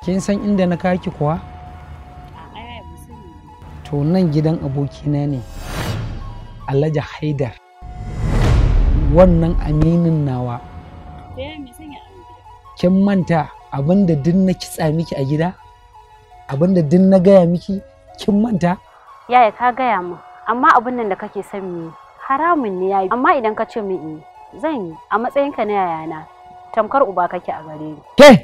kin san inda na kaki kuwa to nan gidan abokina ne alhaji haidar wannan aminin nawa kin manta abinda duk na kitsa miki a gida abinda duk na gaya miki kin manta yaya ka gaya mu? amma abin nan da kake son mu haramun ne yayi amma idan ka ce mu yi zan yi a matsayinka na yayana tamkar uba kake a gare ni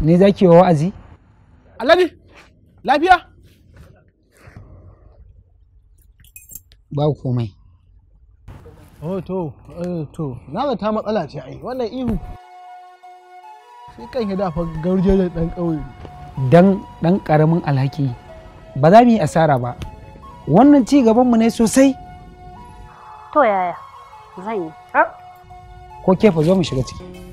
ne za ki wa wa'azi? Alhaji, lafiya? Ba komai. Oh to, oh to, na ta matsala ce ai, wannan ihu. Sai kan yi dafa garje da ɗan ƙauye. Dan ɗan ƙaramin alhaki, ba za mu yi asara ba. Wannan ci gabanmu ne sosai. To yaya, zan yi. Ko kefa zo mu shiga ciki.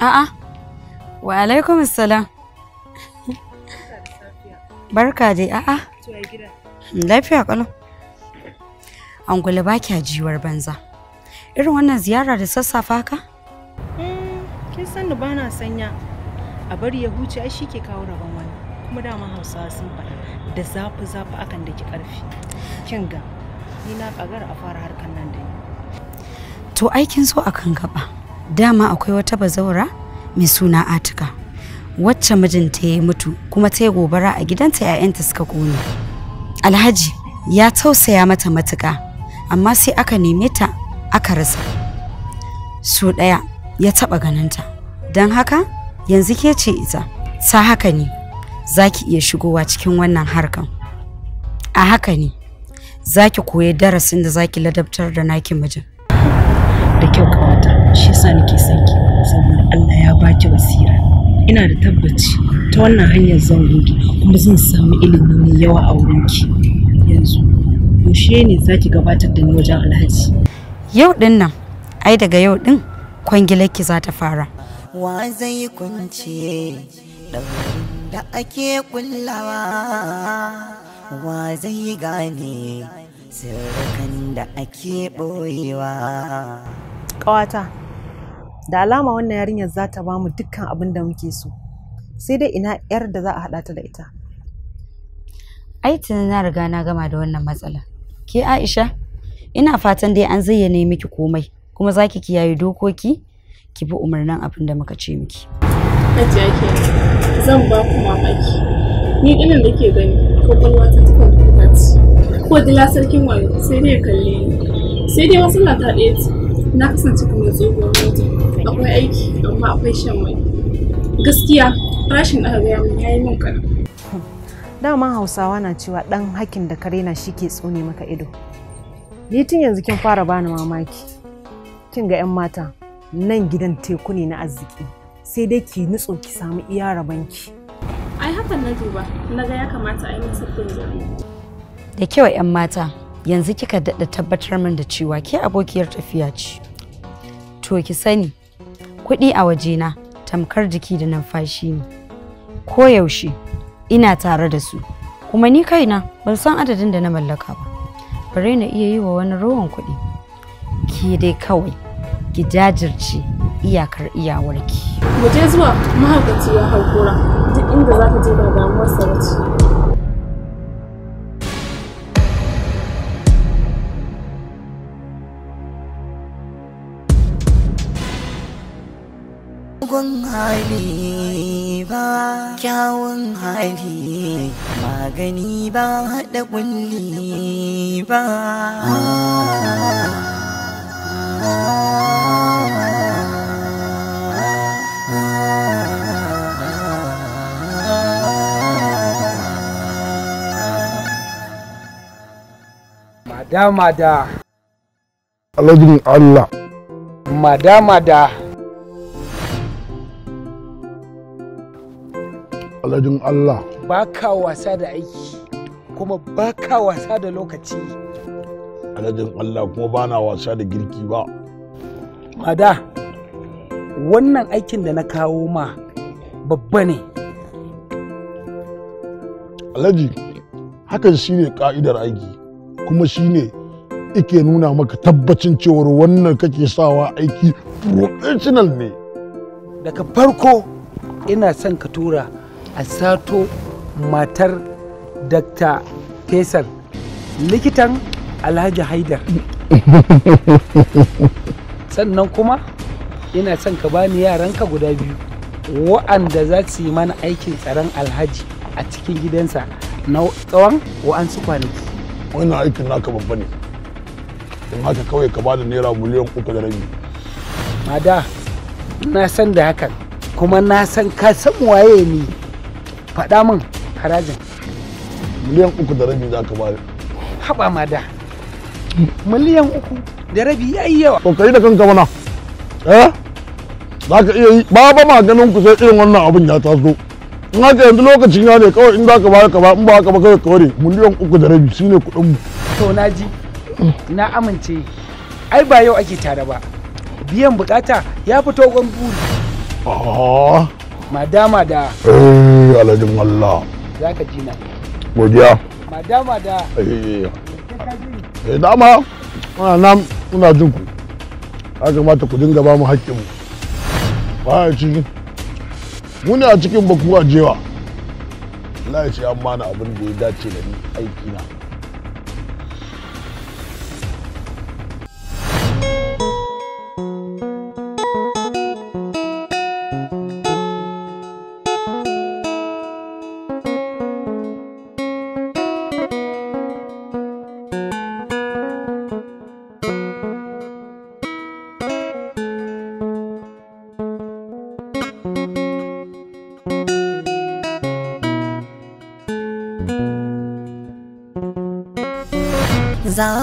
A'a. Wa alaikum salam. Barka dai, a'a. Lafiya kalau. Angula ba kya jiwar banza. Irin wannan ziyara da sassafa ka? Hmm, kin san da bana sanya. A bari ya huce ai shi ke kawo rabon wani. Kuma dama Hausawa sun faɗa da zafi zafi akan da ƙarfi. Kin ga ni na kagar a fara harkar nan da ni. To aikin so akan gaba. dama akwai wata bazaura mai suna atika wacce mijinta ya mutu kuma ta yi gobara a gidanta 'ya'yanta suka kone alhaji ya tausaya mata matuka amma sai aka neme ta aka rasa su ɗaya ya taɓa ganinta don haka yanzu ke ce ita ta haka ne za ki iya shigowa cikin wannan harkan a haka ne za ki koyi darasin da za ki ladabtar da naki mijin shi yasa nake son ki saboda Allah ya baki basira ina da tabbaci ta wannan hanyar zan goge kuma zan samu ilimi mai yawa a wurinki yanzu yaushe ne za ki gabatar da ni wajen alhaji yau din nan ai daga yau din kwangilarki za ta fara wa zai kunce da ake kullawa wa zai gane sirrukan da ake ɓoyewa ƙawata da alama wannan yarinyar za ta bamu dukkan abin da muke so sai dai ina yar da za a haɗa ta da ita ai na riga na gama da wannan matsala ke aisha ina fatan dai an zayyane miki komai kuma za ki kiyaye dokoki ki bi umarnin abin da muka ce miki hajiya ke zan ba ku mamaki ni ɗinin da ke gani kwakwalwa ta tukar ko dila sarkin wayo sai dai kalle ni sai dai wasu na ta ɗaya na kasance kuma tsohuwar mota akwai aiki amma akwai shan wani. gaskiya rashin aka gaya mun yayi min kana dama hausawa na cewa dan hakin da kare na shi ke tsone maka ido ni tun yanzu kin fara bani mamaki kin ga yan mata nan gidan teku ne na arziki sai dai ki nutso ki samu iya rabanki ai hakan na duba na ga ya kamata a yi masa da kyau yan mata yanzu kika daɗa tabbatar min da cewa ke abokiyar tafiya ce to ki sani kuɗi a waje wajena tamkar jiki da numfashi ne Ko yaushe, ina tare da su kuma ni kaina ban san adadin da na mallaka ba bare na iya yi wa wani rowan kuɗi ki dai kawai ki jajirce iyakar iyawarki. Mu je zuwa mahaukaci ya duk inda za ka je ba damuwarsa Mugun hali ba kyawun hali magani ba haɗa kulli ba. Madama da. Alajin Allah. Madama da. aladun Allah. Ba ka wasa da aiki kuma ba ka wasa da lokaci. Aladun Allah kuma ba na wasa da girki ba. Mada, wannan aikin da na kawo ma babba ne. Alhaji, hakan shi ne ƙa'idar aiki kuma shi ne ike nuna maka tabbacin cewar wannan kake sawa aiki professional ne. Daga farko ina son ka tura a sato matar Dr. Fesar likitan Alhaji Haidar. Sannan kuma ina son ka bani yaranka guda biyu wa'anda za su yi mana aikin tsaron alhaji a cikin gidansa na tsawon wa'ansu kwanaki. Wannan aikin naka babba ne. Don haka kawai ka bada naira miliyan uku da rabi. Mada, na san da hakan kuma na san ka san waye ni. faɗa min harajin miliyan uku da rabi za ka bayar haɓa ma da miliyan uku da rabi ya yi yawa to kai da kanka mana eh za ka iya yi ba ba ma ganin ku sai irin wannan abin ya taso in haka yanzu lokacin ya ne kawai in za ka bayar ka ba in ba haka ba kawai ware miliyan uku da rabi shine kuɗin mu to na ji mm. na amince ai ba yau ake tare ba biyan bukata ya fito gwan buri ah. madama da eh alhajin Allah zaka ji na godiya madama da eh eh dama muna nan muna jin ku ya kamata ku dinga ba mu haƙƙin mu ba ya ci mu ne a cikin baku a jewa Allah ya ce an mana abin da ya dace da ni aiki na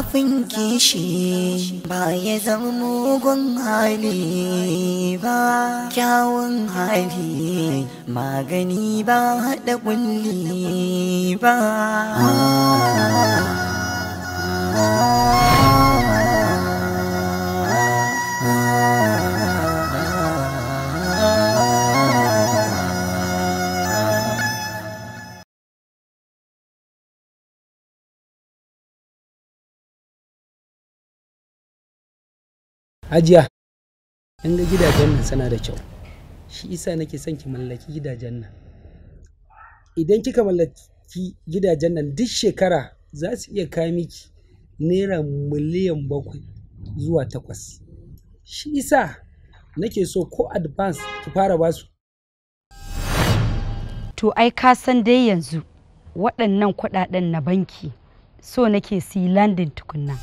zafin kishi ba ya zama mugun hali ba kyawun hali magani ba haɗa ƙulli ba ajiya in ga gidajen nan suna da kyau shi isa nake son ki mallaki gidajen nan idan kika mallaki gidajen nan duk shekara za su iya kai miki naira miliyan bakwai zuwa takwas shi isa nake so ko advance ki fara basu to ai ka san dai yanzu waɗannan kuɗaɗen na banki so nake si landin tukunna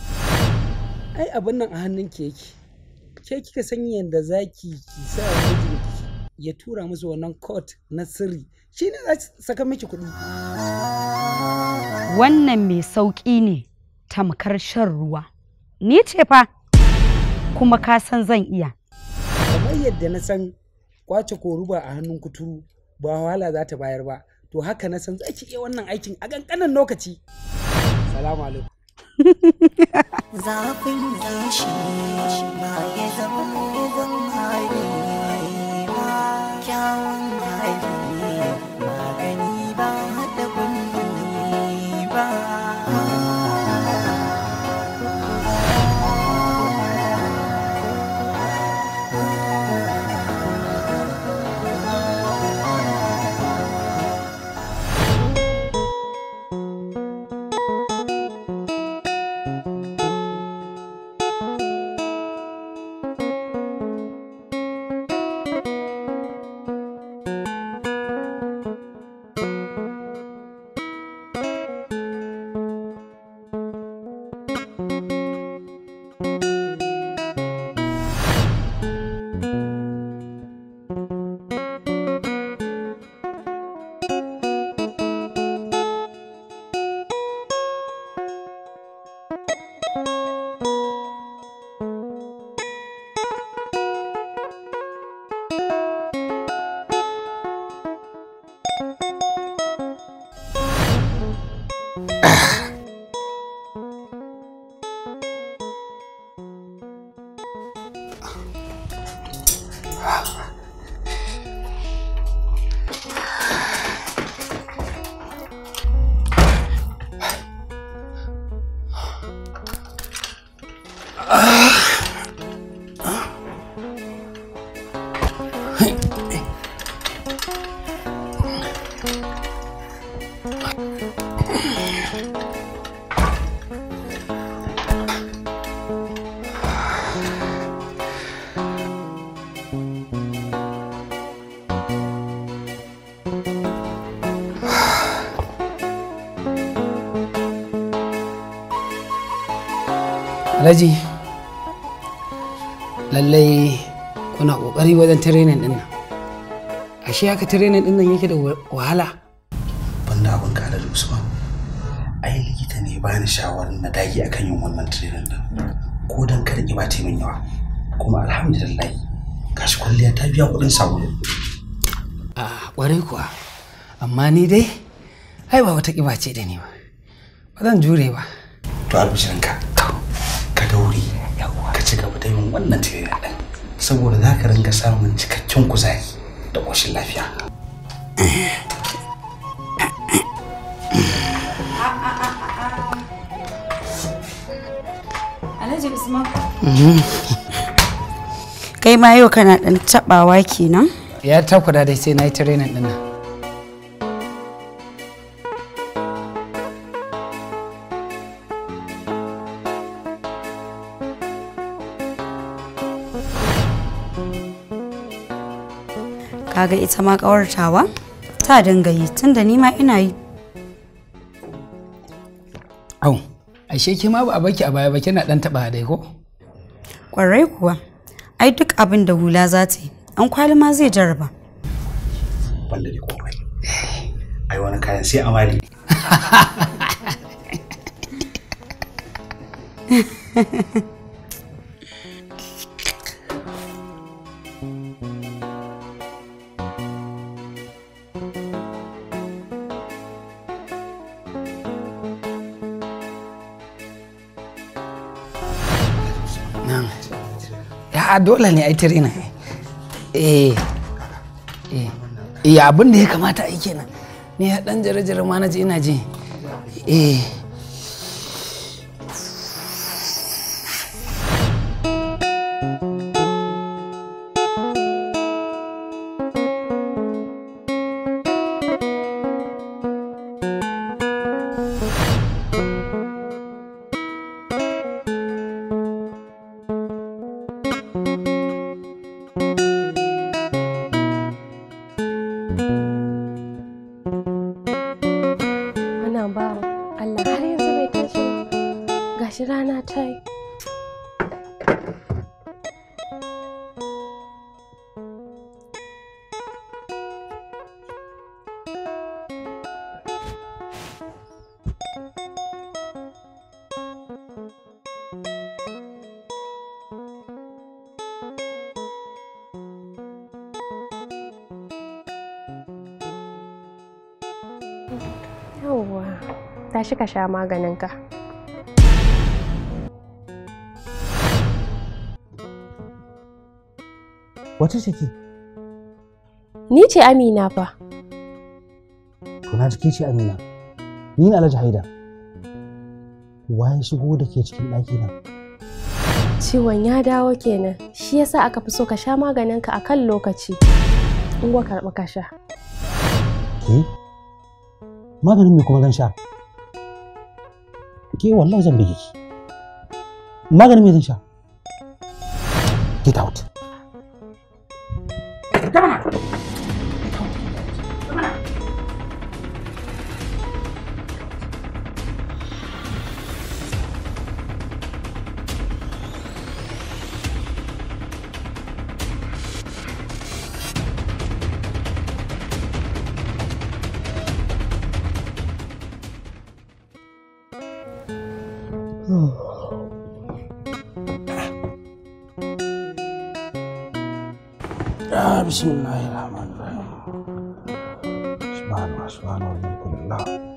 ai abin nan a hannunki yake ke kika san yadda za ki sa ya tura musu wannan court na sirri shi ne za saka miki kuɗi wannan mai sauƙi ne tamkar shan ruwa ni ce fa kuma ka san zan iya kamar yadda na san kwace koruba a hannun kuturu ba wahala za ta bayar ba to haka na san za ki iya wannan aikin a ƙanƙanin lokaci salamu alaikum zafin zashi ba ya zama alhaji lallai kuna ƙoƙari wajen training din nan ashe haka training din nan yake da wahala ban da abin kala da usman ai likita ne ba ni shawarar na dage akan yin wannan training din ko dan kada ki bace min yawa kuma alhamdulillah kashi kwalliya ta biya kuɗin sabulu a ƙwarai kuwa amma ni dai ai ba wata ƙiba ce da ni ba ba zan jure ba to albishirinka wannan ya ɗin saboda za ka ringa samun cikakken kuzari da ƙoshin lafiya. Alhaji Usman. Mhm. Kai ma yau kana ɗan taɓawa kenan? Ya takura dai sai na yi tirenin ɗin nan. kaga ita ma ƙawartawa ta dinga yi tunda ni ma ina yi au ashe ke ma ba a baki a baya ba kina dan taba dai ko kwarai kuwa ai duk abin da hula za ta yi an kwali ma zai jarraba balle komai ai wani kayan sai amali Ha ha ha. a dole ne ai tirina eh eh ya eh, abin da ya kamata ai kenan ni ya dan jare ma na ina ji eh yawwa tashi ka sha maganinka wata take ni ce amina fa na jiki ce amina ni na alhaji haida waye shigo da ke cikin ɗaki na ciwon ya dawo kenan shi yasa aka fi so ka sha maganinka a kan lokaci in karɓi ka sha ke maganin me kuma zan sha ke wallahi zan bege ki maganin me zan sha get out Ah, bismillahirrahmanirrahim. Subhanallah, subhanallah, alhamdulillah.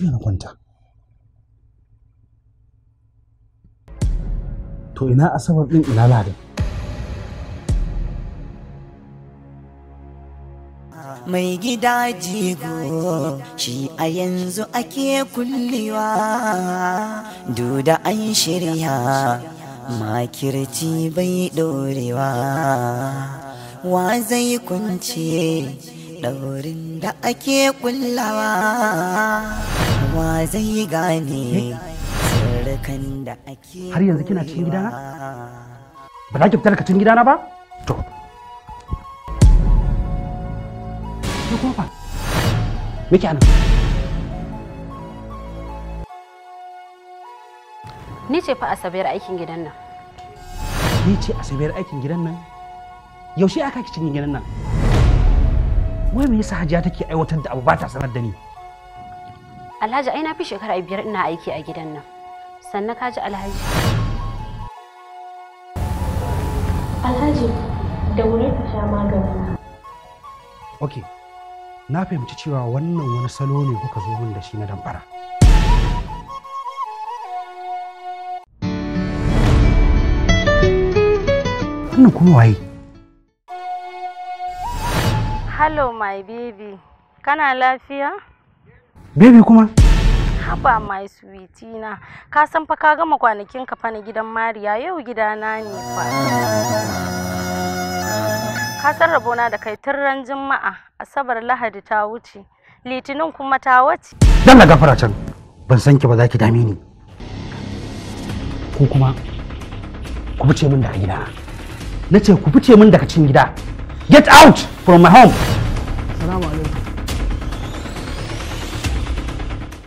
ina na kwanta to ina asabar ɗin ina ladin mai gida jigo shi a yanzu ake kullewa duda an shirya makirci bai dorewa wa zai kunce daurin da ake kullawa wa zai gane sirrikan da ake har yanzu kina cikin gidana ba za ki fita daga cikin gidana ba to ki kofa miki anan ni ce fa asabiyar aikin gidan nan ni ce asabiyar aikin gidan nan yaushe aka ki cikin gidan nan wai me yasa hajiya take aiwatar da abu ba ta sanar da ni alhaji ai na fi shekara biyar ina aiki a gidan nan sannan ka ji alhaji alhaji da wuri ka sha magani okay na fahimci cewa wannan wani salo ne kuka zo min da shi na damfara wannan kuma waye Hello my baby, kana lafiya? Baby kuma? Haba my sweetie na, ka san fa ka gama kwanakin ka fa na gidan Mariya yau gidana ne fa. Ka san rabona da kai tun ran Juma'a, Asabar Lahadi ta wuce, Litinin kuma ta wuce. Dan na gafara can, ban san ki ba za ki dame ni. Ko kuma ku fice min daga gida. Na ce ku fice min daga cin gida. Get out from my home. Salamu alaikum.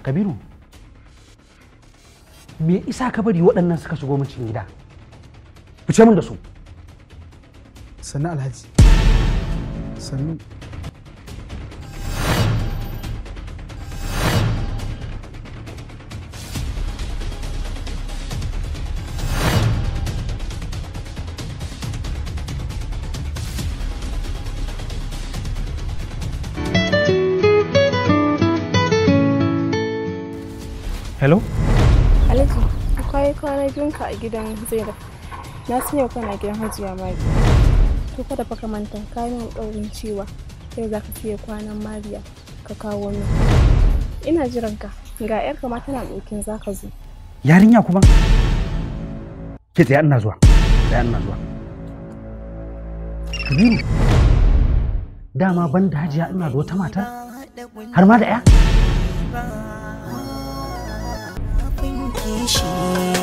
Kabiru, me isa ka bari waɗannan suka shigo min gida? Fice min da su. Sannu Alhaji. Sannu. hello alhaji akwai kwana biyunka a gidan zaira na sanya kwana gidan hajiya mari to kada fa ka manta kayan alƙawarin cewa yau za ka fiye kwanan mariya ka kawo ni ina jiran ka ga yar ma tana ɗokin za ka zo yarinya kuma ke tsaya ina zuwa tsaya ina zuwa kabiru dama ban da hajiya ina da wata mata har ma da 'ya 一起。